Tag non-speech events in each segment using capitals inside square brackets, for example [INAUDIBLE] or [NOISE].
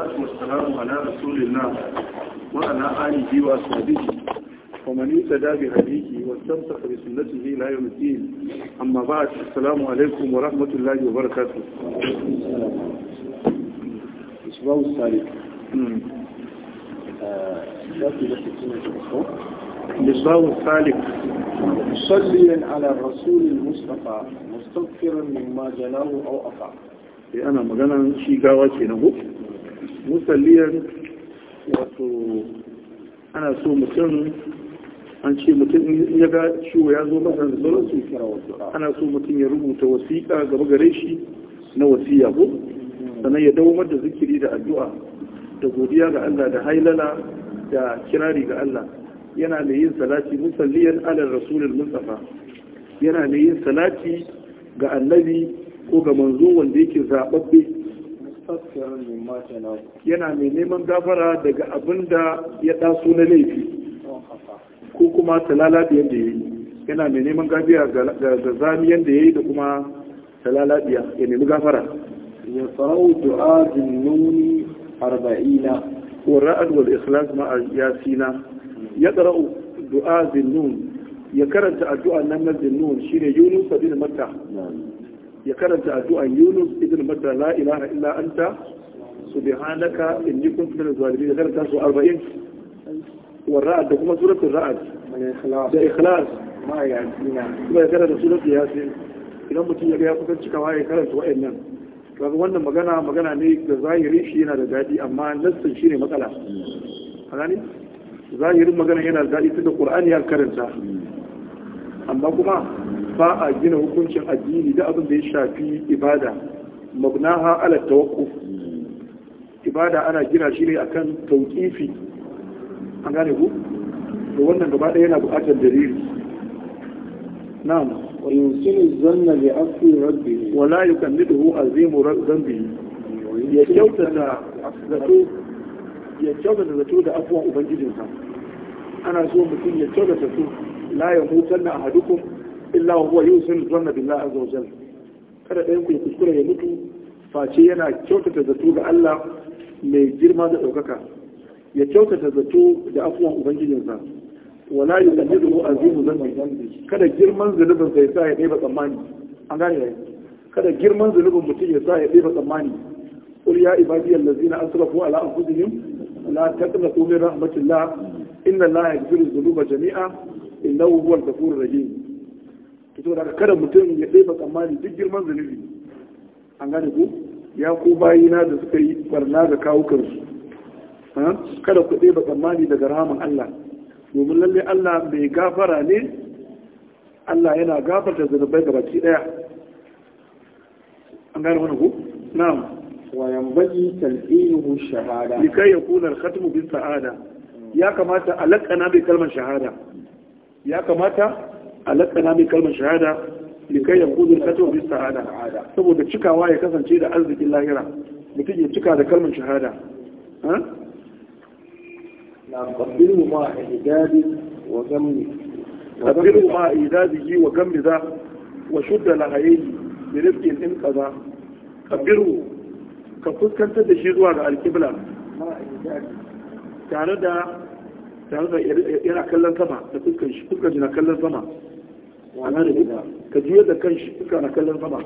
والصلاة والسلام على رسول الله وعلى آله وأصحابه ومن يتدى بهديه واستمسك بسنته لا يوم الدين أما بعد السلام عليكم ورحمة الله وبركاته الأسبوع الثالث آه، الأسبوع الثالث مصليا على الرسول المصطفى مستغفرا مما جناه أو أفعل إيه، أنا مجانا maganan shi musalliyan wato ana so mutum an ce mutum ya ga ciwo ya zo masa da sauransu ana so mutum ya rubuta wasiƙa gaba gare shi na wasiya ko sannan ya dawo da zikiri da addu'a da godiya ga Allah da hailala da kirari ga Allah yana da yin salati musalliyan ala rasulul mustafa yana da yin salati ga annabi ko ga manzo wanda yake zababbe yana mai neman gafara daga abin da ya taso na laifi ko kuma talala da ya yi yana mai neman gafiya ga zamiyan yadda ya yi da kuma talala da ya nemi gafara ya farau du'a jinnuni arba'ina ko ra'ad wal ikhlas ma yasina ya qara'u du'a jinnun ya karanta addu'a nan na jinnun shine yunus bin matta ya karanta addu'an Yunus ibn Madda la ilaha illa anta subhanaka inni kuntu minaz zalimin ya karanta su 40 wa ra'ad da kuma suratul ra'ad da ikhlas ma ya dina kuma ya karanta suratul yasin idan mutum ya ga ya kusan cikawa ya karanta wa'annan kaga wannan magana magana ne da zahiri shi yana da dadi amma nassin shine matsala a gani zahirin magana yana da dadi tunda qur'ani ya karanta amma kuma ba a gina hukuncin addini da abin da ya shafi ibada mabnaha ala tawakkuf ibada ana gina shi ne akan tawqifi an gane ku to wannan gaba ɗaya yana buƙatar dalili na'am wa yusilu zanna bi afi rabbi wa la yukalliduhu azimu rabbi ya kyautata zato ya kyautata zato da afuwan ubangijinsa ana so mutum ya kyautata su la yamutanna ahadukum illa wa huwa yusin zanna billahi azza wa jalla kada ɗayan ku ya kuskure ya mutu face yana kyautata zato ga Allah mai girma da ɗaukaka ya kyautata zato da afuwan ubangijinsa wala yuqaddiru azimu zanbi kada girman zunubin sai sa ya ɗeba tsammani an gane yayi kada girman zunubin mutum ya sa ya ɗeba tsammani qul ya ibadiy allazina asrafu ala anfusihim la taqnatu min rahmatillah inna allaha yaghfiru dhunuba jami'a innahu huwal ghafurur rahim fito da kada mutum ya ɗaya tsammani duk girman zunubi an gane ku ya ku bayina da suka yi barna da kawukansu kada ku ɗaya tsammani daga rahaman Allah domin lalle Allah mai gafara ne Allah yana gafarta zunubai ga baki ɗaya an gane wani ku na'am wa yambaji talqinuhu shahada likai yakuna al-khatmu bi sa'ada ya kamata a bi kalmar shahada ya kamata halattana min kalmar shahada likai ya kudu kato bi sa'ada saboda cikawa ya kasance da arzikin lahira mutum ya cika da kalmar shahada نقبله مع إعداده وجمله قبله مع إعداده وجمل ذا وشد لهيه برفق انقضى قبله كفوت كانت تشيروا على الكبلة تعالى دا تعالى دا يرى كلا سما تفوت كان شكوك جنا كلا سما ka jiya da kan shi na kallon sama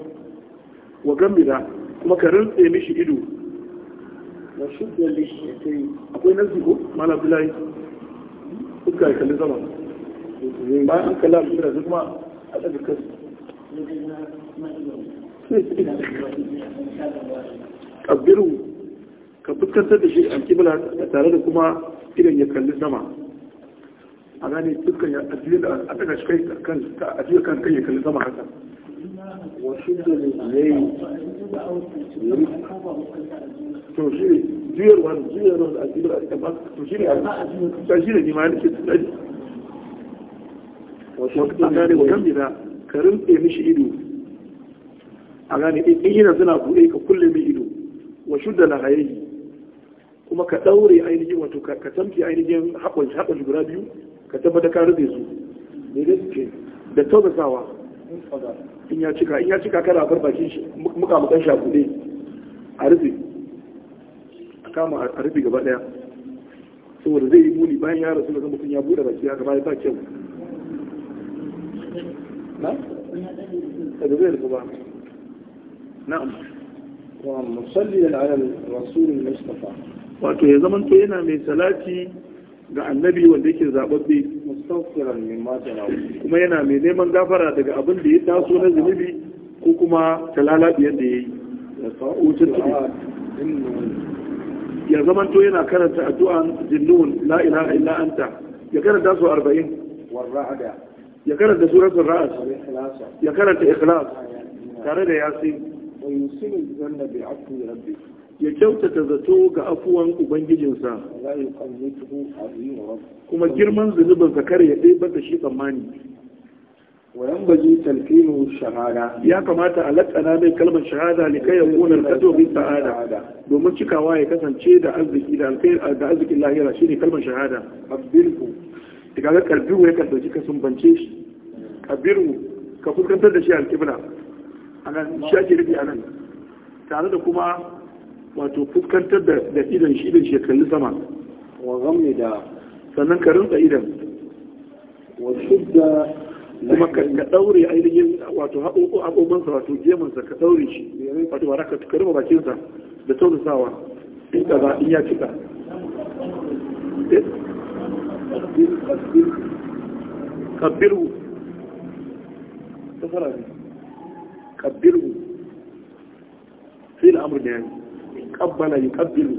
wa da kuma ka rintse mishi ido na shudda lishiyatai akwai nan ziko mala bilai suka yi kalli sama bayan an kalla abin shirar kuma a ɗaga kan kabbiru ka fuskantar da shi a alƙibla tare da kuma idan ya kalli sama a gane dukkan ya ajiye da a daga shi kai kan ajiye kan kai ya kalli sama haka وشد رجليه تشير جير وان جير وان أجيب الأكبر تشير تشير جمال تشير وكمل كرم إيمش إدو أغاني إينا زنا بوليك كل مي إدو وشد لغيره kuma ka ɗaure ainihin wato ka tamke ainihin haƙon haƙon guda biyu ka tabbata ka rufe su daidai suke da tausasawa in ya cika in ya cika kana bar bakin shi muka mukan shakuɗe a rufe a kama a rufe gaba daya saboda zai yi muni bayan ya rasu daga mutum ya buɗe baki ya gaba ya ba kyau na? da zai rasu ba na'am wa musalli ala rasulun mustafa wato ya zamanto yana mai salati ga annabi wanda yake zababbe mustaghfiran mimma tanawu kuma yana mai neman gafara daga abin da ya taso na zunubi ko kuma talalabiyar da yayi da sa'utun ya zamanto yana karanta addu'an jinnun la ilaha illa anta ya karanta su 40 warra'ada ya karanta suratul ra'd ya karanta ikhlas tare da yasin wa yusilu zanna bi afwi ya kyautata zato ga afuwan ubangijinsa kuma girman zunubin zakar ya ɗaibar da shi tsammani wayan baji talfinu shahada ya kamata a latsana mai kalmar shahada ne kai ya kato bin sa'ada domin cikawa ya kasance da arziki da arzikin lahira ne kalmar shahada abdilhu daga ga karbiru ya kasance ka sumbance shi kabiru ka fuskantar da shi alkibla anan shi ake a nan. tare da kuma wato fuskantar da idan shi idan shekalli sama wa gamme da sannan ka rinka idan wa shudda kuma ka daure ainihin wato sa wato sa ka daure shi wato ba ka bakin bakinsa da taurusawa in ka za in ya cika eh? kabbiru ta fara ne sai da amur da yanzu qabbala yuqabbilu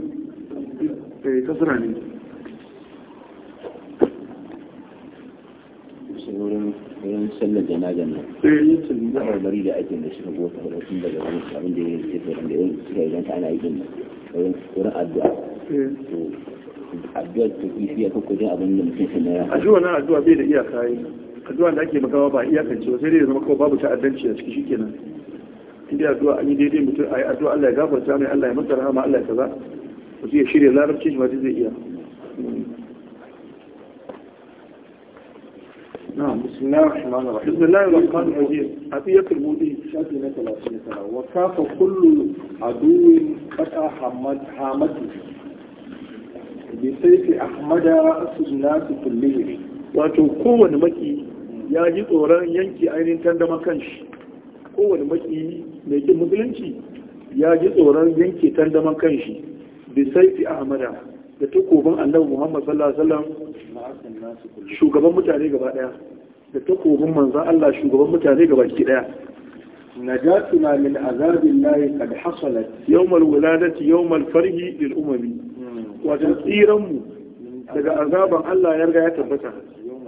eh kasra ne wurin sallar eh, da ake da shiga gota da sun daga wani abin da ya da yin addu'a eh. addu'a na addu'a bai da iyaka addu'a da ake ba iyakance ba sai dai zama kawai babu a ciki kenan inda addu'a an yi daidai mutum a yi addu'a Allah ya gafarta mai Allah ya masa rahama Allah ya kaza mutum ya shirya larabci shi zai iya بسم الله الرحمن الرحيم نتلا وكاف كل عدو قطع حمد بسيف أحمد ya ji tsoron yanki ainihin tandama kanshi kowane maki mai kin musulunci ya ji tsoron yanke tandaman kanshi bi saifi ahmada da takobin annabi muhammad sallallahu alaihi wasallam shugaban mutane gaba daya da takobin manzon Allah shugaban mutane gaba ki daya najatuna min azabillahi qad hasalat yawmal wuladati yawmal farhi lil umami hmm. wato tsiran mu daga azaban Allah ya riga ya tabbata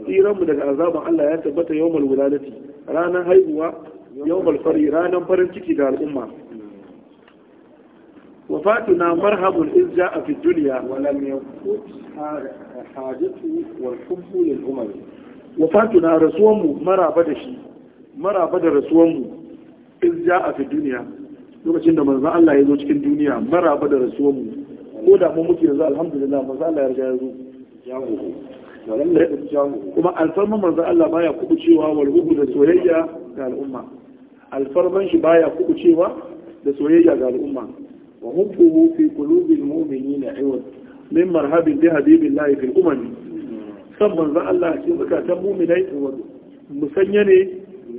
tsiran mu daga azaban Allah ya tabbata yawmal ranar haihuwa yau balfari ranar farin ciki ga al'umma wafatuna marhabun in ja a fi duniya walam yankut hajatu wal hubbu lil umar wafatuna rasuwanmu maraba da shi maraba da rasuwanmu in ja a fi duniya lokacin da manzon Allah ya zo cikin duniya maraba da rasuwanmu ko da mu muke yanzu alhamdulillah manzon Allah ya riga ya zo kuma alfarman manzon Allah baya kubucewa wal hubu da soyayya ga al'umma alfarman shi baya cewa da soyayya ga al'umma wa hubbuhu fi qulubil mu'minina ayyud min marhabin bi habibillahi fil umam san manzo Allah a cikin ta mu'minai musanya ne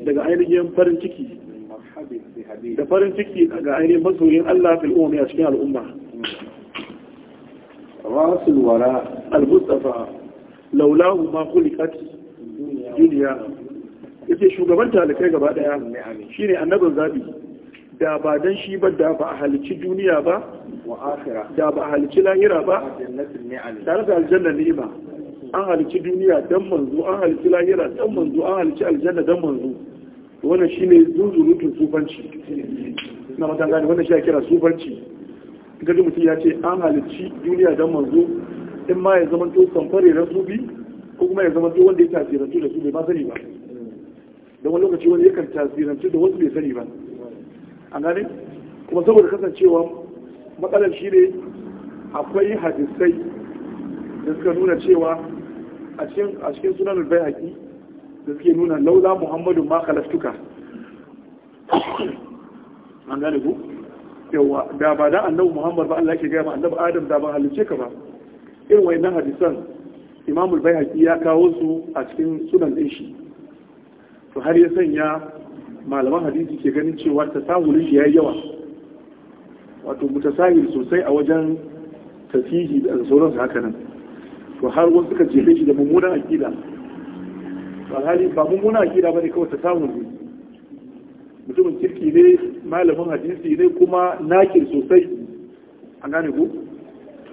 daga ainihin farin ciki da farin ciki daga ainihin masoyin Allah fil umam a cikin al'umma rasul wara al-mustafa laulahu ma khuliqat duniya yake shugaban talikai gaba daya shine annabin zabi da ba don shi ba da ba a halici duniya ba da ba a halici lahira ba tare da aljanna ni'ima an halici duniya dan manzo an halici lahira dan manzo an halici aljanna dan manzo wannan shine zuzurutun sufanci na matan wanda wannan shi ya kira sufanci gaji mutum ya ce an halici duniya dan manzo in ma ya zama to samfare na zubi ko kuma ya zama to wanda ya tafi rasu da su bai ba sani ba da wani lokaci wani yakan tasiranci da wasu bai sani ba A gane kuma saboda kasancewa matsalar shi ne akwai hadisai da suka nuna cewa a cikin sunan bai haƙi da suke nuna laula muhammadu ma kalaftuka an gane ku yawa da ba da annabu muhammad ba Allah ke gaya ma annabu adam da ba halice ka ba irin wayannan hadisan imamul bai haƙi ya kawo su a cikin sunan ɗin shi to har ya sanya malaman hadisi ke ganin cewa samu rishi ya yawa wato mutasahir sosai a wajen tafihi da sauran su haka nan to har wasu suka jefe shi da mummunan akida alhali ba mummunan akida bane kawai ta samu ne mutumin kirki ne malamin hadisi ne kuma nakir sosai an gane ku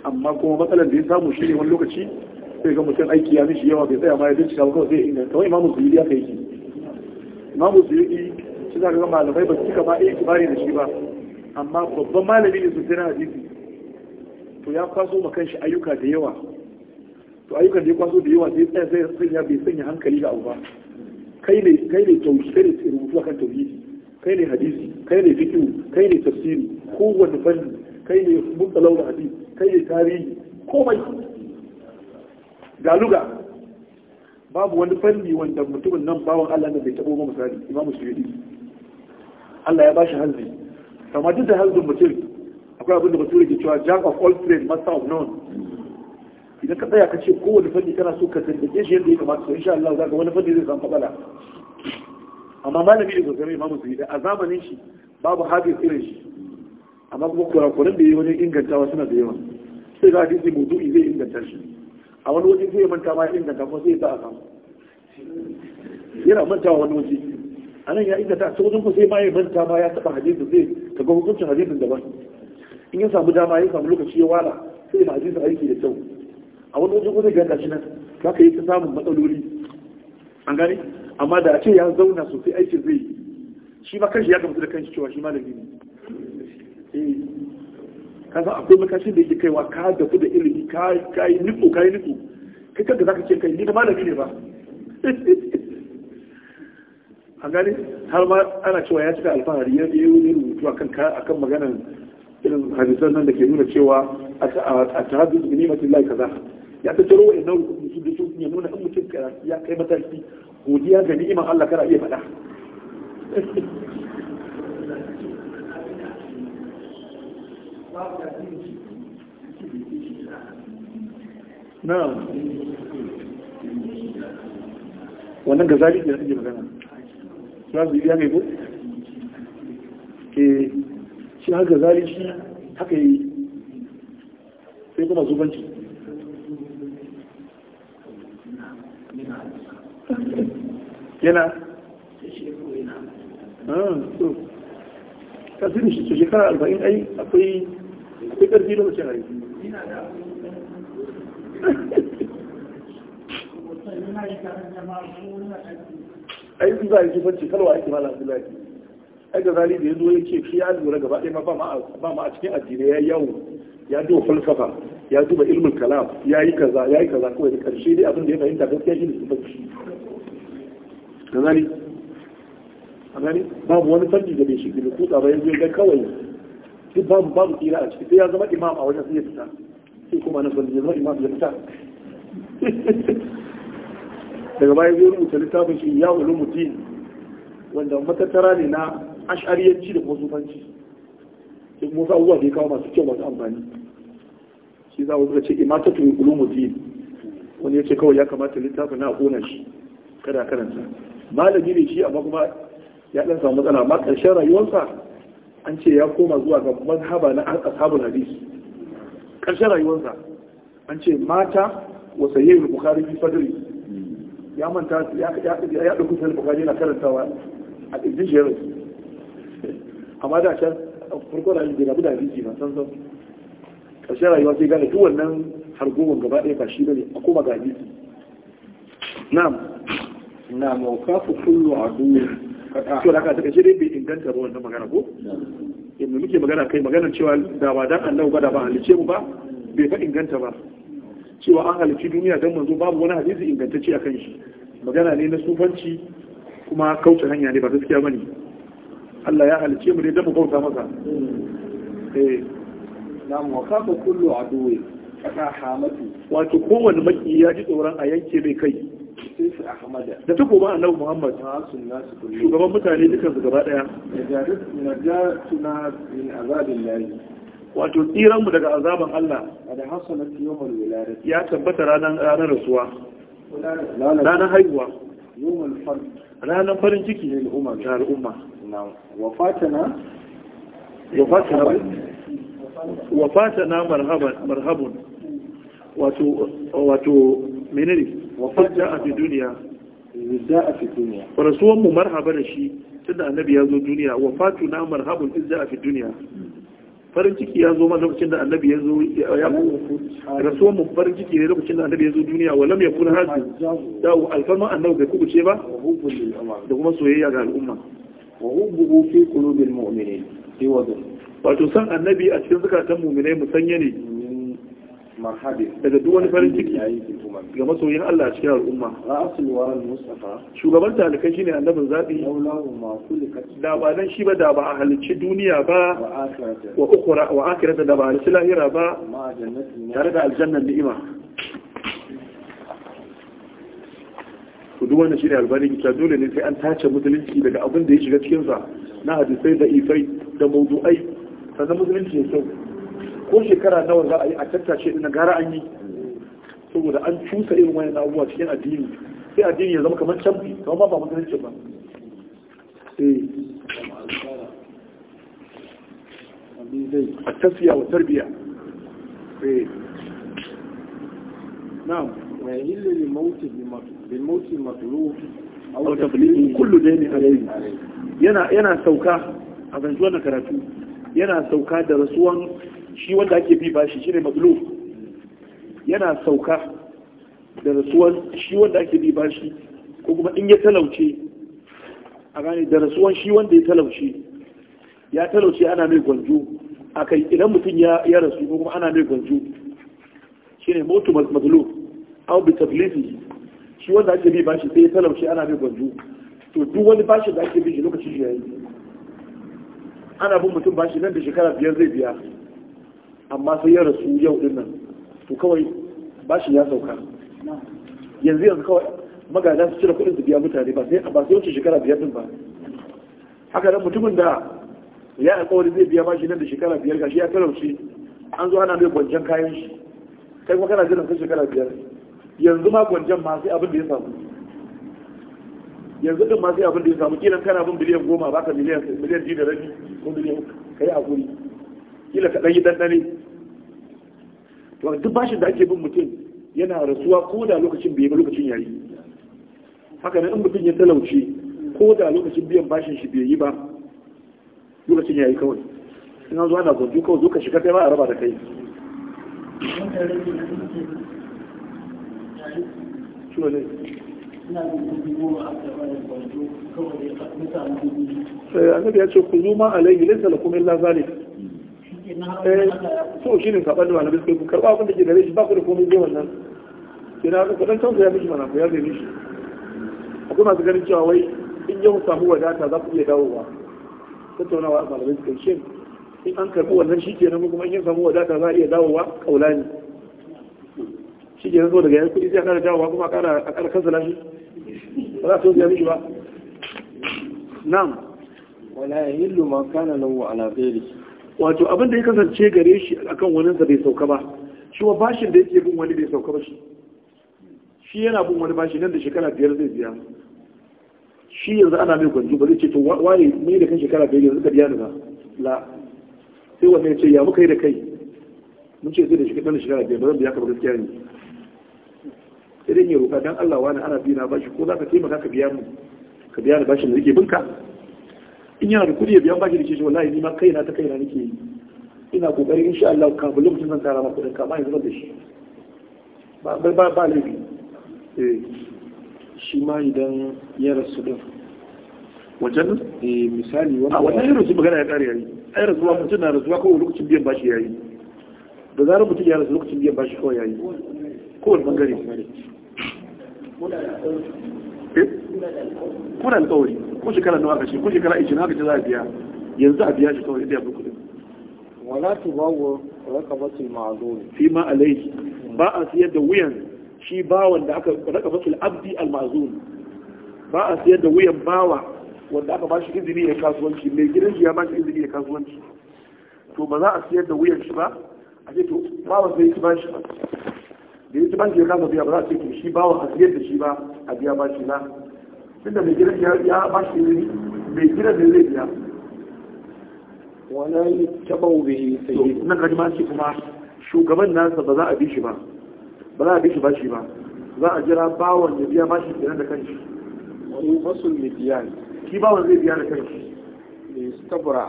amma kuma matsalar da ya samu shi ne wani lokaci sai ga mutum aiki ya mishi yawa bai tsaya ma ya bincika ba kawai zai inganta kawai imamu zuri ya kai shi imamu yi shi za ka ga malamai ba su cika ba yi kibari da shi ba amma babban malami ne sosai na hadisi to ya kwaso ma kanshi ayyuka da yawa to ayyukan da ya kwaso da yawa sai tsaya zai sanya bai sanya hankali ga abu ba kai ne kai ne tauhidi kai ne rubutu akan tauhidi kai ne hadisi kai ne fiqh kai ne tafsiri kowanne fanni kai ne mutsalau da hadisi kai ne tarihi komai galuga babu wani fanni wanda mutumin nan bawan Allah ne bai tabo ba misali imamu suyudi Allah ya ba shi hanzi Kamar duk da hanzin mutum akwai abin da bature ke cewa jack of all trades master of none idan ka tsaya ka ce kowane fanni kana so ka tantance shi yadda ya kamata to insha Allah za ka wani fanni zai samu matsala amma malami da sosai imamu suyudi a zamanin shi babu hafiz irin shi amma kuma kurakuran da ya yi wajen ingantawa suna da yawa sai ga hadisi dinsu zai inganta shi a wani waje zai manta ma inganta kuma zai ba a samu yana manta wani waje a nan ya inganta ta wajen sai ma ya manta ma ya taɓa hadisin zai ta ga hukuncin hadisin daban in ya samu dama ya samu lokaci ya wala sai ma hadisin aiki da kyau a wani wajen kuma zai shi nan za ka yi ta samun matsaloli an gani amma da a ce ya zauna sosai aikin zai yi shi ma kanshi ya gamsu da kanshi cewa shi da ne eh. kaga akwai makashi da yake kaiwa ka dafu da ilimi ka yi niko ka yi niko kai kanka zaka ce kai ni da malami ne ba [LAUGHS] a gani har ma ana cewa ya cika alfahari ya yi rubutu akan akan maganan irin hadisan nan da ke nuna cewa a tahaddu bi nimatin lahi kaza ya ta nan rukun su da su ya nuna in mutum ya kai mataki godiya ga ni'imar Allah kara iya faɗa [LAUGHS] wannan ga zaɓi da suke magana za su yi ya mai ko? ke eh, shi ga zari shi haka yi sai kuma zubanci yana ƙasirin ah, shi shekara 40 ai akwai sai ƙarfi ayi za a yi jifanci kalwa ma lafi lafi ai da zali da ya zo ya ce shi ya lura gaba ɗaya ba ma a cikin addinai ya yawo ya duba falsafa ya duba ilmin kalam ya yi kaza ya yi kaza kawai da ƙarshe dai abin da ya fahimta gaskiya shi ne da zali a babu wani fanni da bai shi da kutsa ya ga kawai duk babu babu tsira a ciki sai ya zama imam a wajen sai ya fita sai kuma na zama zama imam ya fita [LAUGHS] daga baya zai rubuta littafin shi ya wulu mutum wanda matattara ne na ash'ariyanci da kuma sai kuma wasu abubuwa da ya kawo masu kyau masu amfani shi za a ce imatatu mutum wani ya ce kawai ya kamata littafin na kona shi kada karanta malami ne shi amma kuma ya dan samu matsala amma ƙarshen rayuwarsa an ce ya koma zuwa ga mazhaba na ashabul hadis karshen rayuwarsa an ce mata wa sayyid bukhari fi sadri ya manta ya ya ya dauki sai bukhari na karantawa a cikin jere amma da can farko da yin rabu da hadisi ba san san karshen rayuwa sai gane duk wannan hargowar gaba ɗaya ba shi bane a koma ga hadisi na'am na mawqafu kullu aduwwin to da ka daga shi bai inganta ba wannan magana ko In inda muke magana kai maganar cewa da ba dan Allah ba da ba halice mu ba bai fa inganta ba cewa an halici duniya dan manzo babu wani hadisi ingantacce akan shi magana ne na sufanci kuma kauce hanya ne ba gaskiya bane Allah ya halice mu ne dan mu bauta masa eh nam wa kafa kullu aduwi fata hamatu wato kowanne maki ya ji tsoron a yanke bai kai da a annabi muhammad shugaban mutane dukkan su gaba daya wato tsiran mu daga azaban Allah ya tabbata ranar ranar rasuwa ranar haihuwa ranar farin ciki ne ga al'umma wafatana wafatana Wato wato menene Wa a fi a fi duniya rasuwan mu marhaba da shi tunda annabi ya zo duniya wa fatu na marhabun izza a fi duniya farin ciki ya zo ma da annabi ya zo ya rasuwan mu ciki ne lokacin da annabi ya zo duniya wa lam yakun hadu dawo alfarma annabi bai kubuce ba da kuma soyayya ga al'umma wa hubbuhu wato san annabi a cikin zakatan mu'minai musanye ne daga duk wani farin ciki ga masoyin Allah cikin al'umma shugaban talakai shine annabin zabi da ba dan shi ba da ba a halicci duniya ba wa ukhra wa akhirata da ba halicci lahira ba tare da aljannan ni'ima Ku duk wanda shine albarin ta dole ne sai an tace musulunci daga abin da ya shiga cikin sa na hadisai da ifai da mawdu'ai sannan musulunci ya sauka ko shekara nawa za a yi a tattace ɗin gara an yi saboda an cusa irin wani abubuwa cikin addini sai addini ya zama kamar canfi kamar ba musulunci ba eh. a tafiya wa tarbiya eh. na'am wa yahillu lil mawti bil mawti matlub aw tafliqu kullu yana yana sauka a na karatu yana sauka da rasuwan shi wanda ake bi bashi shine mazlum yana sauka da rasuwan shi wanda ake bi bashi ko kuma in ya talauce a gane da rasuwan shi wanda ya talauce ya talauce ana mai gwanjo a kai idan mutum ya rasu ko kuma ana mai gwanjo shine motu mazlum au bi tablizi shi wanda ake bi bashi sai ya talauce ana mai gwanjo to duk wani bashi da ake bi shi lokacin shi yayi ana bin mutum bashi nan da shekara biyar zai biya amma sai ya rasu yau din nan to kawai shi ya sauka yanzu yanzu kawai magada su cire kuɗin su biya mutane ba sai ba sai wuce shekara biyar din ba haka nan mutumin da ya alƙawari zai biya bashi nan da shekara biyar gashi ya shi an zo ana mai gwanjan kayan shi kai kuma kana jiran sai shekara biyar yanzu ma gwanjan ma sai abin da ya samu yanzu din ma sai abin da ya samu kiran kana bin biliyan goma baka miliyan miliyan ji da rabi ko miliyan uku kai a guri kila ka ɗanyi ɗanɗane to duk bashin da ake bin mutum yana rasuwa ko da lokacin bai ba lokacin yayi haka nan in mutum ya talauce ko da lokacin biyan bashin shi bai yi ba lokacin yayi kawai ina zuwa zo ana gwanjo kawai zo ka shiga kai ba a raba da kai ciwo ne eh, annabi ya ce ku zo alayhi laysa lakum illa zalik Eh, so shi ne saɓar da malamai suka yi karɓa abin da ke gare shi ba ku da komai zai wannan sai na ku dan canza ya mishi mana ku ya zai mishi akwai masu ganin cewa wai in yau samu wadata za ku iya dawowa tattaunawa malamai suka yi shin in an karɓi wannan shi kenan kuma in yin samu wadata za a iya dawowa kaula ne shi kenan so daga yan kuɗi sai a ƙara dawowa kuma a ƙara kansala shi ba za a canza ya mishi ba na'am wala yahillu ma kana lahu ala ghairihi wato abin da ya kasance gare shi akan waninsa bai sauka ba shi wa bashin da yake bin wani bai sauka ba shi shi yana bin wani bashi nan da shekara biyar zai biya shi yanzu ana mai gwanzu ba zai ce to wani mai da kan shekara biyar yanzu ka biya da la sai wani ya ce ya muka yi da kai mun ce zai da shekara da shekara biyar ba zan biya ka ba gaskiya ne sai dai ya roƙa dan Allah wani ana bi na bashi ko za ka taimaka ka biya mu ka biya da bashin da yake binka in yana da kuɗi ya biyan bashi da shi wallahi ni ma kaina ta kaina nake yi ina kokari sha Allah kafin lokacin zan tara ma ka kama yanzu da shi ba ba ba ne eh shi ma idan ya rasu din wajen eh misali wannan wannan irin su magana ya kare yayi ai rasuwa mutum na rasuwa ko lokacin biyan bashi yayi da zarar mutum ya rasu lokacin biyan bashi kawai yayi kowane bangare Eh? kuna alƙawari ko shekara nawa aka ce ko shekara 20 haka ce za a biya yanzu a biya shi kawai inda ya fi kuɗin wala tubawu raqabatul ma'zur fi ma alayhi ba a siyar da wuyan shi bawan da aka raqabatul abdi al ba a ya kasuwanci mai gidan shi ya ba shi ya kasuwanci to ba za a siyar da wuyan shi ba a ce to ba shi da yi ci ya kasa biya ba za a ce to shi bawa a siyar da shi ba a biya bashi na tunda mai gina ya bashi ne mai gina ne zai biya wani tabau bai yi? nan rajima ce kuma shugaban nasa ba za a bi shi ba ba za a bi shi ba shi ba za a jira bawan ya biya bashi kenan da kanshi wani biya ne? shi bawan zai biya da kanshi ne stabura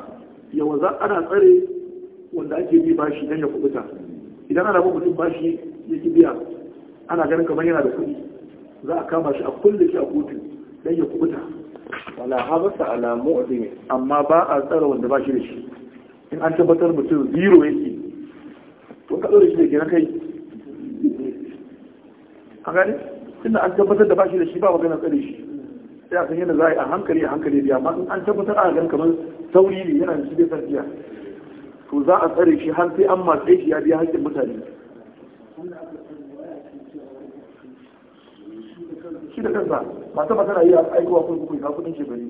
yawa za ana tsare wanda ake bi bashi dan ya kubuta idan ana ba mutum bashi yake biya ana ganin kamar yana da kuɗi za a kama shi a kulle shi a kotu don ya kubuta wala alamu a mu'dimi amma ba a tsara wanda ba shi da shi in an tabbatar mutum zero yake to ka da shi da kenan kai a gani tunda an tabbatar da ba shi da shi ba magana tsare shi sai a san yadda za a yi a hankali a hankali biya amma in an tabbatar a ganin kamar sauri ne yana da shi da sarfiya to za a tsare shi har sai an matsayi shi ya biya hakkin mutane shi da kansa mata ba tana iya aikowa kurkuku ina kudin shekaru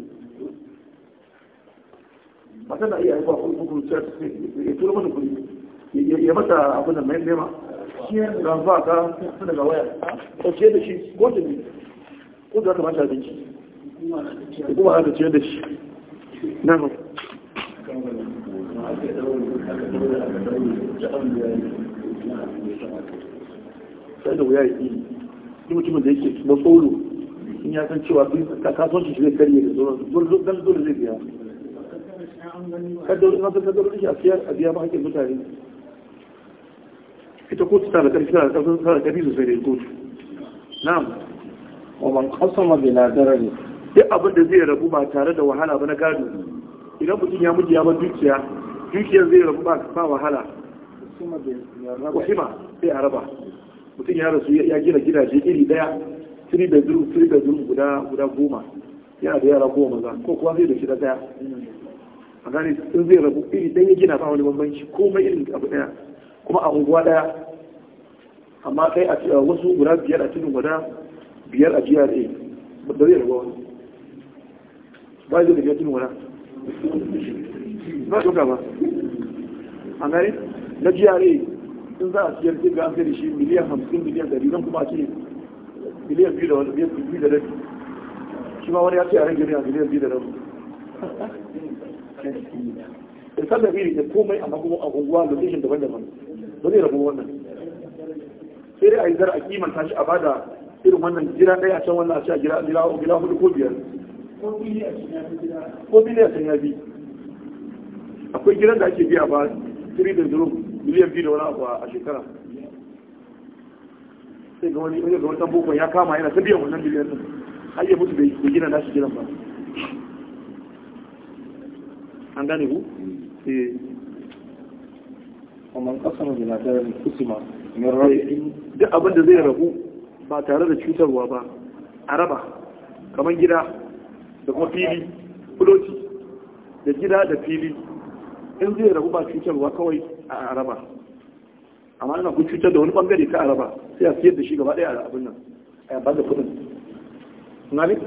iya aikowa ya tura mata kudi ya mata abin da mai nema waya ce da shi ko da ni ko da kamata da shi kuma da ce da shi na sai da wuya ya yi duk mutumin da yake na tsoro in ya san cewa kasuwanci shi zai karye da sauran dole dan dole zai biya kaddar na kaddar shi a siyar a biya ba mahaƙin mutane ita kotu tana da ƙarfi tana da ƙarfi tana da ƙarfi sosai da kotu na'am wa man qasama bi nadarani duk abin da zai rabu ba tare da wahala ba na gado idan mutum ya mutu ya bar dukiya dukiyar zai rabu ba ba wahala wahima sai a raba mutum ya rasu ya gina gidaje iri daya 3 bedroom 3 bedroom guda guda goma yana da yara goma maza ko kuwa zai da shi da daya a gane sun zai rabu iri daya gina ba wani bambanci komai irin abu daya kuma a unguwa daya amma kai a wasu guda biyar a cikin guda biyar a GRA ba zai rabu wani ba zai da biyar cikin guda ba ɗauka ba a gane na jiyare in za a siyar ga an da shi miliyan hamsin miliyan dari, nan kuma ce miliyan biyu da wani biyu da rabi shi ma wani ya ce a rage miliyan miliyan biyu da rabi da sanda biyu da komai amma kuma a unguwa location daban-daban ba zai rabu wannan sai dai a yi zara a kimanta shi a bada irin wannan jira ɗaya a can wannan a sha jira gida hudu ko biyar ko biliyan sun ya bi akwai gidan da ake biya ba 3.0 biyu da wani a shekara sai ga wani ya kama yana ta biyan wannan miliyan din har bai gina nashi gidan ba an gane ku eh. eh, da zai rabu ba tare da cutarwa ba a raba kamar gida da kuma fili da gida da fili in zai rabu ba cutarwa kawai a araba amma ina kun cutar da wani bangare ka araba sai a siyar da shi gaba ɗaya a abin nan a ba da kuɗin ngani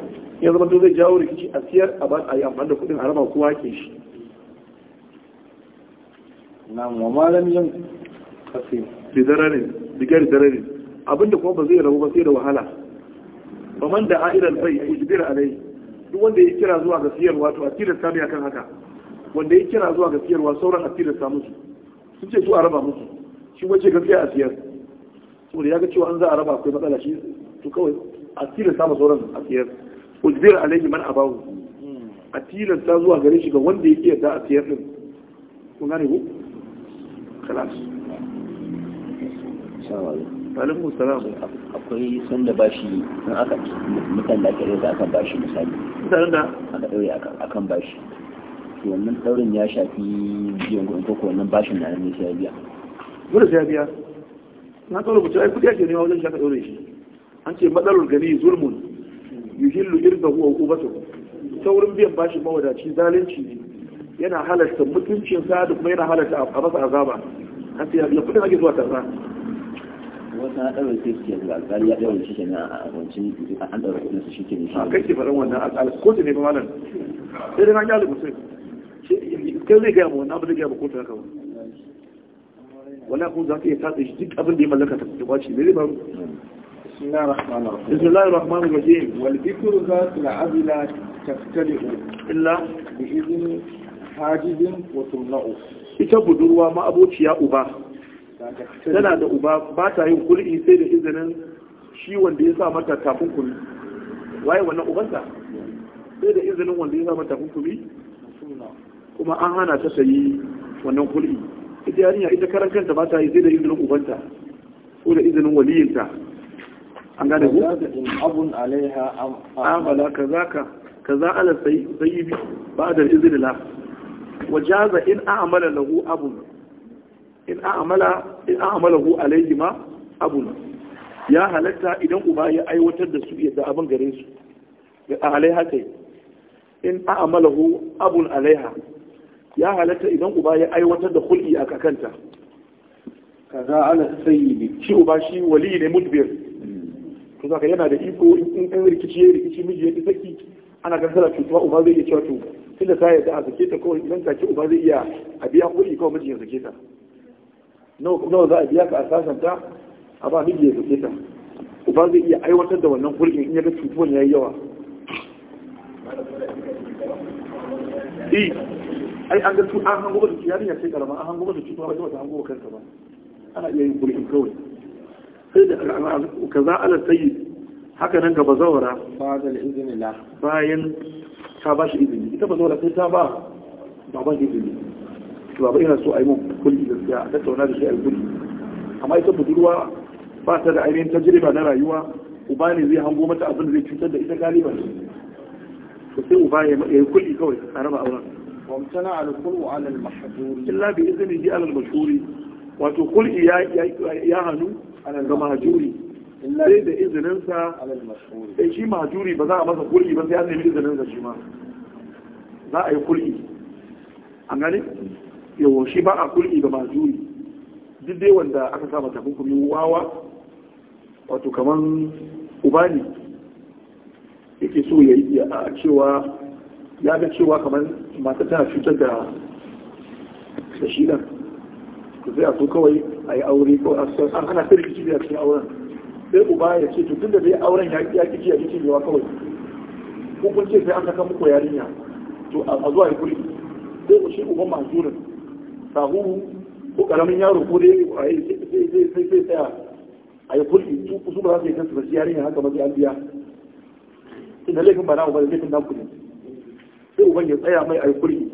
ya zama zai jawo rikici a siyar a ba a yi amfani da kuɗin araba kowa ke shi na mamalan yin kasi da dararin digar dararin abinda kuma ba zai rabu ba sai da wahala man da a'idar bai ujbir alai duk wanda ya kira zuwa ga siyarwa to a tilasta ne akan haka wanda ya kira zuwa ga siyarwa sauran a tilasta musu su ce su a raba musu shi wace gaskiya a siyar saboda ya ga cewa an za a raba akwai matsala shi to kawai a tilasta ma sauran a siyar ujbir alaihi man abahu a tilasta zuwa gare shi ga wanda ya ke a siyar din kun gane ku kalas alaikum salam akwai sanda bashi in aka mutan da aka da akan bashi misali mutanen da aka daure akan bashi to wannan daurin ya shafi biyan kuɗin ko wannan bashin da nan sai ya biya dole sai ya biya na tsoro mutum ai kudi ake nema wajen shaka daure shi an ce matsalar gani zulmun yuhillu irdahu wa ubatu saurin biyan bashin mawadaci zalunci ne yana halarta sa da kuma yana halarta a masa azaba an ce ya kudin ake zuwa tarra wasu na ɗaure sai suke zuwa alƙali ya ɗaure shi kenan a wancin an ɗaure kudin su shi kenan a kai ke faɗin wannan alƙali ko ce ne ba malam sai dai na ƙyale mutum kai zai gaya ma wannan zai gaya kotu haka Wani wala za ka iya tatsa shi duk abin da ya mallaka ta kuma kwaci ne zai بسم الله الرحمن الرحيم والذكر ذات العزلة تختلئ إلا بإذن حاجز وتمنع ita budurwa ma'abociya uba tana da uba ba ta yin kul'i sai da izinin shi wanda ya sa mata waye wannan ubansa sai da izinin wanda ya sa kuma an hana ta sayi wannan kul'i ita yarinya ita karan kanta ba ta yi sai da izinin ubanta ko da izinin waliyinta an gane ku abun alaiha amala kazaka kaza ala sayyibi ba da izinin la wajaza in a'amala lahu abun in a'amala in a'amalahu alaihi ma abun ya halatta idan uba ya aiwatar da su yadda abin gare su A alaiha kai in a'amalahu abun alaiha ya halatta idan uba ya aiwatar da hulki a kakanta kaza ana ne shi uba shi wali ne mudbir to zaka yana da iko in kan rikici ya rikici miji ya saki ana gansara cutuwa uba zai iya cewa to tunda ta yarda a sake ta kawai idan take uba zai iya a biya kuɗi kawai miji ya sake ta nawa za a biya ka a sasanta a ba miji ya sake ta uba zai iya aiwatar da wannan hulkin in ya ga cutuwan ya yi yawa e, ai an ga tu an hango da yarinya ce karama an hango da cutuwa ba ta hango kanta ba ana iya yin kulkin kawai sai da kaza ala sayyid haka nan gaba zawara bayan ta ba shi izini ita ba zawara sai ta ba baban izini to ba yana so a yi mun kulli gaskiya a tattauna da shi a kulli amma ita budurwa ba ta da ainihin tajriba na rayuwa uba ne zai hango mata abin da zai cutar da ita galiban to sai uba ya yi kulli kawai a raba auren وامتنع الخلو على المحظور إلا بإذنه على المشهور وتقول يا يا هنو على المهجوري sai da izininsa sai shi majuri ba za a masa kul'i ba sai an nemi izininsa shi ma za a yi kul'i an gani yawon shi ba a kul'i ga majuri duk dai wanda aka sama takunkumi wawa wato kamar ubani yake so ya yi a cewa ya ga cewa kamar mata tana cutar da da shi nan ku sai a so kawai a yi aure ko a so an hana sirri kici da cikin auren sai uba ya ce to tun da dai auren ya ya kici ya kici ne wa kawai ko kun ce sai an saka muku yarinya to a zuwa ya kuri sai ku shi uban mazurin sahuru ko karamin yaro ko dai a yi sai sai sai sai tsaya a yi kuri su ba za su yi kansu ba shi yarinya haka ba sai an biya inda laifin ba na da laifin na kuɗi sai uban ya tsaya mai aikuri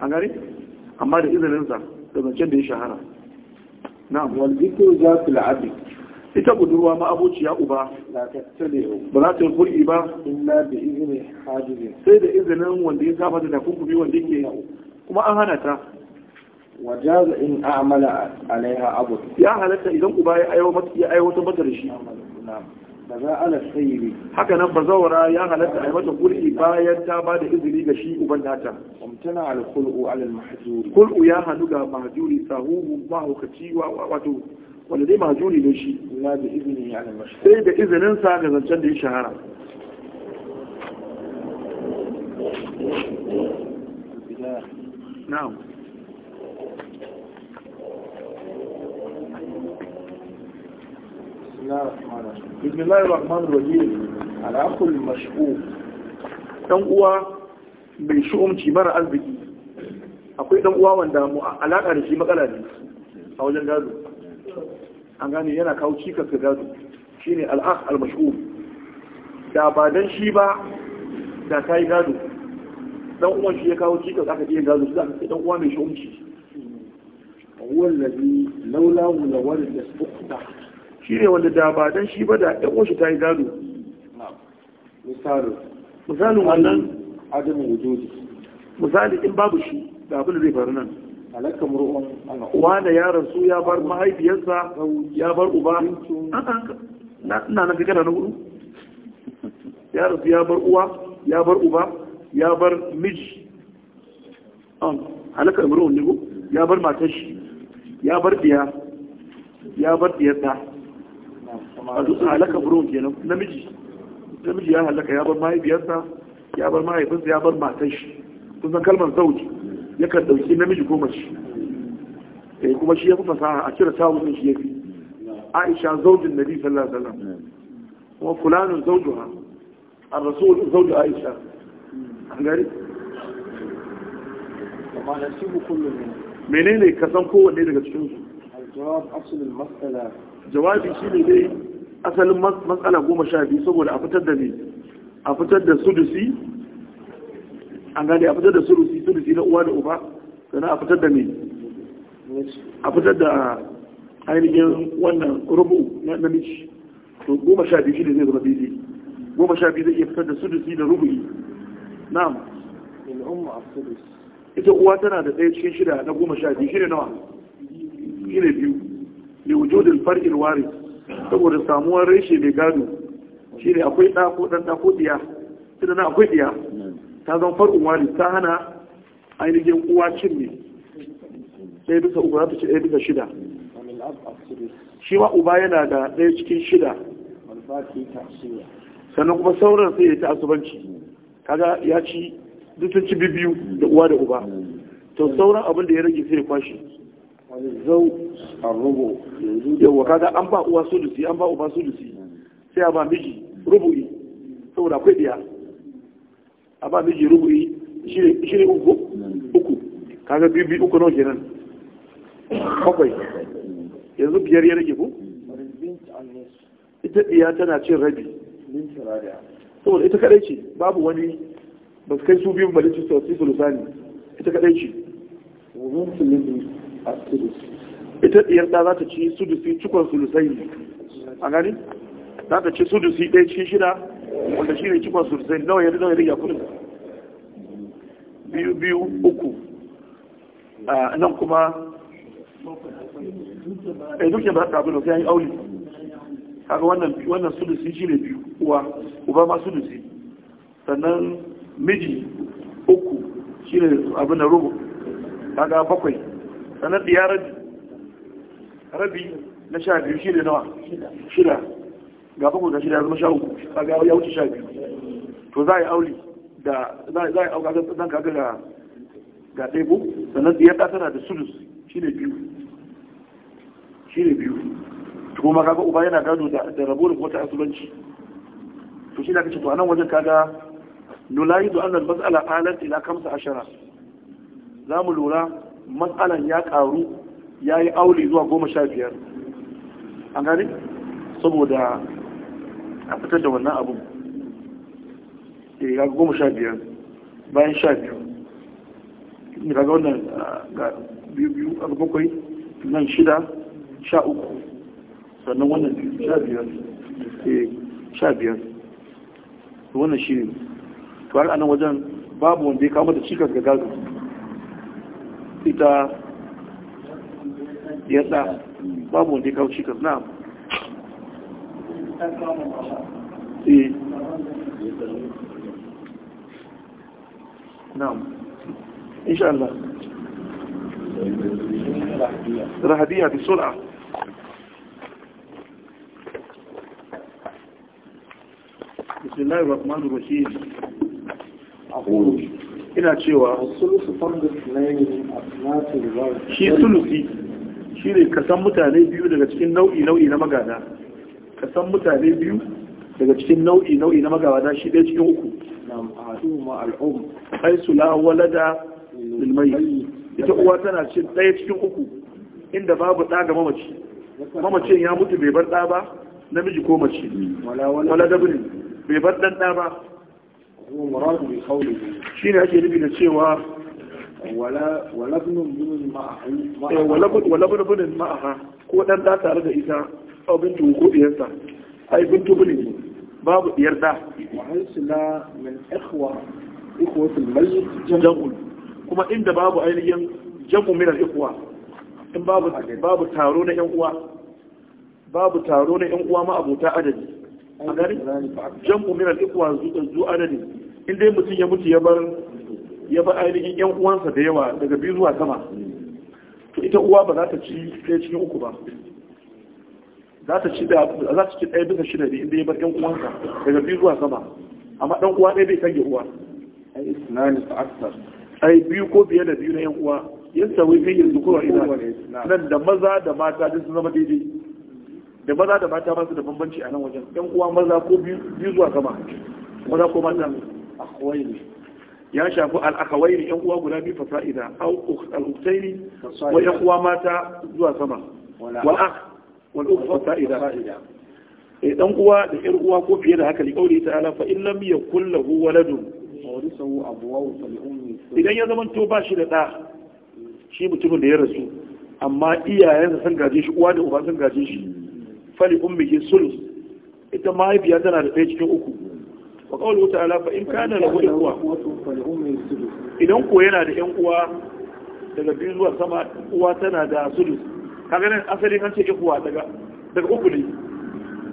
a gari amma da izinin sa da zancen da ya shahara na wal za su la'abi ita budurwa ma uba ba za ta yi kuri ba izinin sai da izinin wanda ya saba da takunkumi wanda yake kuma an hana ta wajaza in a'mala alaiha abu ya halatta idan uba ya aiwata mata da shi haka nan bazawara ya halatta a mata kulki bayan ta ba da izini ga shi uban nata umtana al kul'u al kul'u ya hanu ga mahjuri sahuhu mahaukaci wato wanda dai mahzuri ne shi la da izini ya al mashhur sai da izinin sa ga zancen da ya shahara na'am bismillahir rahmanir rahim al'akul mash'u dan uwa mai shu'umci mara arziki akwai dan uwa wanda mu alaka da shi matsala ne a wajen gado an gane yana kawo cikas ga gado shine al'akh al-mash'u da ba dan shi ba da kai gado dan uwan shi ya kawo cikas aka iya gado sai aka dan uwa mai shu'umci هو الذي لولا ولورث أخته shi ne wanda da ba dan shi ba da ɗan wasu ta yi gado misalin wannan adamu wujudi misali in babu shi da abin da zai faru nan alaka mur'un da ya su ya bar mahaifiyarsa ya bar uba na na kana na hudu ya su ya bar uwa ya bar uba ya bar miji um, alaka mur'un ne ya bar matashi ya bar diya ya bar diyarta wato sun halaka buron kenan namiji namiji ya halaka ya bar mahaifiyarsa ya bar mahaifinsa ya bar matan shi kun san kalmar Ya kan dauki namiji ko mace eh kuma shi ya fi fasaha a cire tawun shi ya fi. Aisha zaujin Nabi sallallahu alaihi wasallam kuma fulanun zaujuha الرسول Aisha. عائشة gari menene kasan kowanne daga cikin su? cikinsu jawabi shi ne dai asalin matsala goma sha biyu saboda a fitar da ne a fitar da sudusi an gane a fitar da sudusi sudusi na uwa da uba sannan a fitar da ne a fitar da ainihin wannan rubu na namiji to goma sha biyu shi ne zai zama daidai goma sha biyu zai iya fitar da sudusi da rubu'i na'am in umma ita uwa tana da ɗaya cikin shida na goma sha biyu shi ne nawa shi ne biyu li wujudil far'il waris saboda samuwar reshe mai gado shi ne akwai ɗa ɗan ɗa ɗiya tunda na akwai ɗiya ta zan farkon wani ta hana ainihin uwa cin ne ɗaya bisa uku za ta ce ɗaya bisa shida shi ma uba yana da ɗaya cikin shida sannan kuma sauran sai ya ta asubanci kaga ya ci duk ci bibiyu da uwa da uba to sauran abin da ya rage sai ya kwashe ka kaga an ba uwa an ba uba sai a ba miji rubu'i saboda akwai biya a ba miji rubu'i shi ne uku uku kaga biyu biyu uku nawa kenan bakwai yanzu ya ita iya tana cin rabi saboda ita kadai ce babu wani ba su kai su sosai ita kadai ce ita ɗiyar ɗa za ta ci sudusi cikon sulusai a gani za ta ci sudusi ɗaya cikin shida wanda shi ne cikon sulusai nawa ya nawa ya riga kudin biyu biyu uku nan kuma a eh, duk yadda ta abin da ya yi auli kaga wannan wannan sudusi shi ne biyu uwa uba ma sudusi sannan miji uku shi ne abin da rubu kaga bakwai sannan ya rabi rabi na sha biyu shi ne nawa shida ga bakwai da shida zama sha uku a ga ya wuce sha biyu to za a yi auli da za a yi auka zan kaga ga ga ɗaya ko sannan da ta tana da sulus shi ne biyu shi ne biyu to kuma kaga uba yana gado da rabo da wata asulanci to shi na kace to anan wajen kaga nulayidu annal mas'ala alat ila kamsa ashara za mu lura matsalan ya karu ya yi aure zuwa goma sha biyar an gani saboda a fitar da wannan abin eh, ya goma sha biyar bayan sha biyu ne ga wannan ah, ga biyu biyu abu bakwai nan shida sha uku sannan wannan sha biyar eh, sha biyar wannan shi ne to anan wajen babu wanda ya kama da cikas ga gagara ita yadda babu wanda ya kawo na eh. na'am insha Allah rahabiyya sur'a بسم الله ina cewa shi sulusi shi ne ka san mutane biyu daga cikin nau'i nau'i na magada ka san mutane biyu daga cikin nau'i nau'i na magada shi ɗaya cikin uku haisu la'awala da ilmai, ita uwa tana cin ɗaya cikin uku inda babu ɗa ga mamaci mamacin ya mutu bai bar ɗa ba namiji ko mace wala da bai bar ɗan ɗa ba المراد بقوله شيء أجي نبي لتشيوا ولا ولا ابن من ما ولا ولا ابن من ما ko dan da tare da ita ko bintu ko ai bintu bane babu yarda wa min ikhwa mayyit jam'ul kuma inda babu ainihin jam'u min al ikhwa in babu babu taro na yan uwa babu taro na yan uwa ma a gari jam'u min al ikhwa zu adadi Inda mutum ya mutu ya bar ainihin yan uwansa da yawa daga biyu zuwa sama to ita uwa ba za ta ci ɗaya cikin uku ba za ta ci da za ta ci ɗaya bisa shida ne inda ya bar yan uwansa daga biyu zuwa sama amma ɗan uwa ɗaya bai kange uwa ai aksar ai biyu ko biye da biyu na yan uwa yasta sauyi fi yanzu kowa ina nan da maza da mata duk sun zama daidai da maza da mata ba su da bambanci a nan wajen yan uwa maza ko biyu zuwa sama maza ko mata akhwayni ya shafi al-akhwayni yan uwa guda biyu fasa'ida aw al-ukhtaini wa yan uwa mata zuwa sama wal akh wal ukh fasa'ida eh dan uwa da yar uwa ko fiye da haka li qauli ta'ala fa in lam yakul lahu waladun warisahu abuwahu fa li ummi idan ya zama to ba shi da da shi mutumin da ya rasu amma iyayensa sun gaje shi uwa da uba sun gaje shi hmm. fali ummihi sulus ita mahaifiya tana da ɗaya cikin uku wa qawlu ta'ala fa in kana lahu uwa idan ko yana da yan uwa daga biyu zuwa sama uwa tana da sulus kaga nan asali an ce ikhwa daga daga uku ne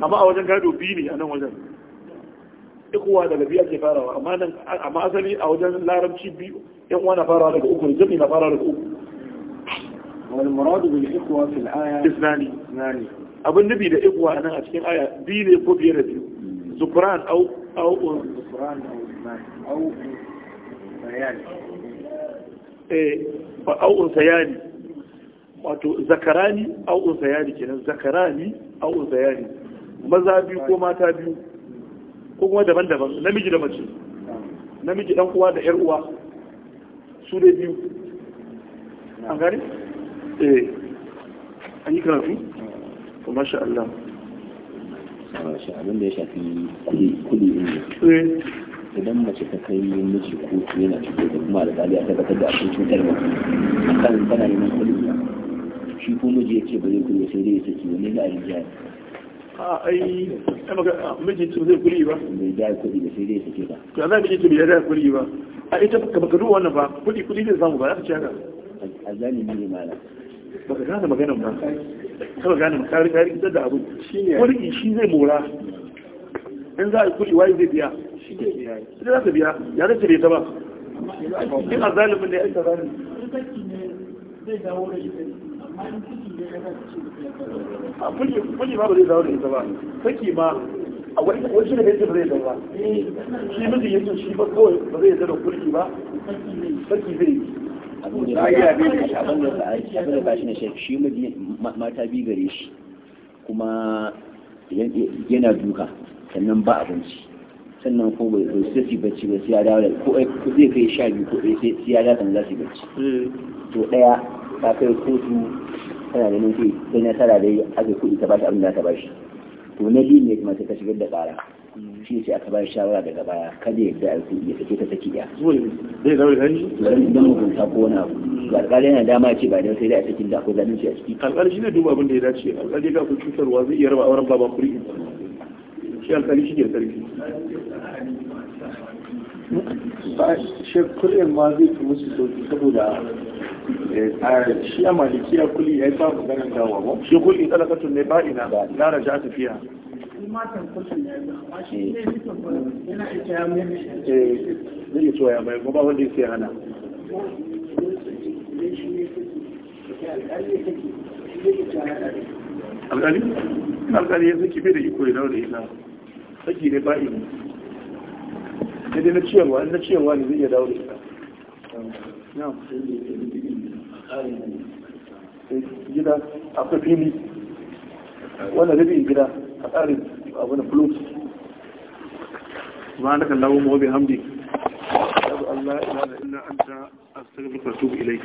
amma a wajen gado biyu ne a nan wajen ikuwa daga biyu ake farawa amma nan amma asali a wajen larabci biyu yan uwa na farawa daga uku ne jami na farawa daga uku wani muradu bil ikuwa fil aya isnani isnani abin nufi da ikhwa nan a cikin aya biyu ne ko biyar da biyu zukran au أو غفران أو إيمان أو بيان إيه أو أنثيان wato zakarani au unsayani kenan zakarani au unsayani maza biyu ko mata biyu ko kuma daban-daban namiji da mace namiji dan uwa da yar uwa su ne biyu an gane eh an yi karatu to masha Allah shi abin da ya shafi kudi ne eh. idan mace ta kai miji kotu yana cikin da kuma da a bata da abin cutar ba a kan tana neman kudi shi ko miji ya ce ba zai kudi sai dai ya saki ne. da alijiya a ai miji ce zai kudi ba bai da kudi ba sai dai ya saki ba to za miji ce bai da kudi ba a ita ka baka duba wannan ba kudi kudi zai samu ba za ka ci haka a zalimi ne mana baka gane maganan ba kawai gane mu kari kari da abu wani shi zai mora in za a kuli waye zai biya shi za biya ya zai cire ta ba in a zalimin ne aika zalimin a kuli ma ba zai dawo ita ba saki ma a wani shi da yake ba zai dawo ba shi mutum yake shi ba kawai ba zai dawo kulki ba saki zai yi abin da ba shi na shafi shi mata bi gare shi kuma yana duka sannan ba abinci sannan ko bai sai su bacci ba sai ya dawo da ko eh, zai kai sha biyu ko sai ya dawo za su bacci to daya ta kai kotu tana da nufi sai na tara da aka kuɗi ta ba shi abin da ta ba shi to na biyu ne kuma sai ka shigar da tsara. shi ce aka bayar shawara daga baya kada yadda a su ya sake ta saki ya zai zaure gani zai zama hukunta ko wani abu alƙali yana dama ce ba dan sai da a cikin da akwai zanen shi a ciki alƙali shi ne duba abin da ya dace alƙali ga akwai cutarwa zai iya raba auren baban kuri shi alƙali shi ne sarki shi kuliyar ma zai fi musu sauki saboda eh, shi a malikiya kuli ya yi ba maganin dawa ba shi kuli talakatun ne ba ina na raja tafiya zai so ya mai kuma wanda yake hana alƙali ina alƙali ya bai da iko ya da ita saki ne ba ilimi sai dai na ciyarwa na ciyarwa ne zai iya dawo da ita eh, gida akwai fili wannan rabin gida a tsarin abu da fulus ma na mu wabi hamdi abu allah ila da ina an ta astagfirka tuk ilai